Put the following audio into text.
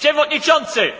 Przewodniczący!